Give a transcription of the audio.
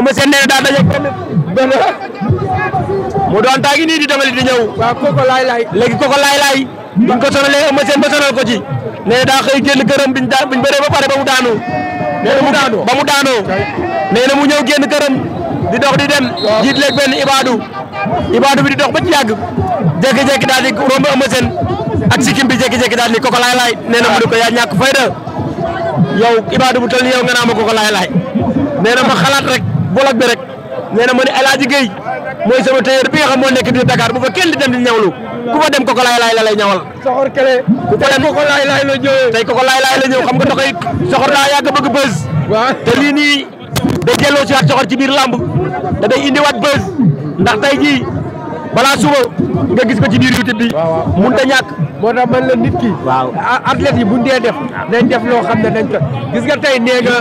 Eumeu Sène nee na daa daje problème benn mu doon taagi nii di demali di ñëw. waaw koko laay laay léegi koko laay laay biñ ko sonalee Eumeu Sène ba sonal ko ci nee daa xëy génn këram biñ daan biñ bëree ba pare ba mu daanu. nee na mu ba mu daanoo. nee na mu ñëw génn këram di dox di dem. waaw jiit léeg benn Ibadou Ibadou bi di dox ba ci yàgg jékki-jékki daal di romb Eumeu Sène ak sikkim bi daal di koko laay laay na mu ne ko yaa ñàkk fayda yow Ibadou bu toll yow nga naa ma koko laay laay ma xalaat rek. bolak bi rek nee na ma ne El Hadj Guèye mooy sama tailleur bi nga xam moo nekk biir Dakar bu fa kenn di dem di ñawlu ku fa dem koko laay laay la lay ñawal. soxor kële ku fa dem koko laay laay la ñëwee. tey koko laay laay la ñëw xam nga doxay soxor daa yàgg bëgg bës. waaw te lii nii day delloo si waat soxor ci biir làmb da day indiwaat bës ndax tey jii balaa suba nga gis ko ci biir YouTube bi. mun ta ñàkk. moo man la nit ki. waaw yi buñ dee def. dañ def loo xam dañ ko gis nga tey nee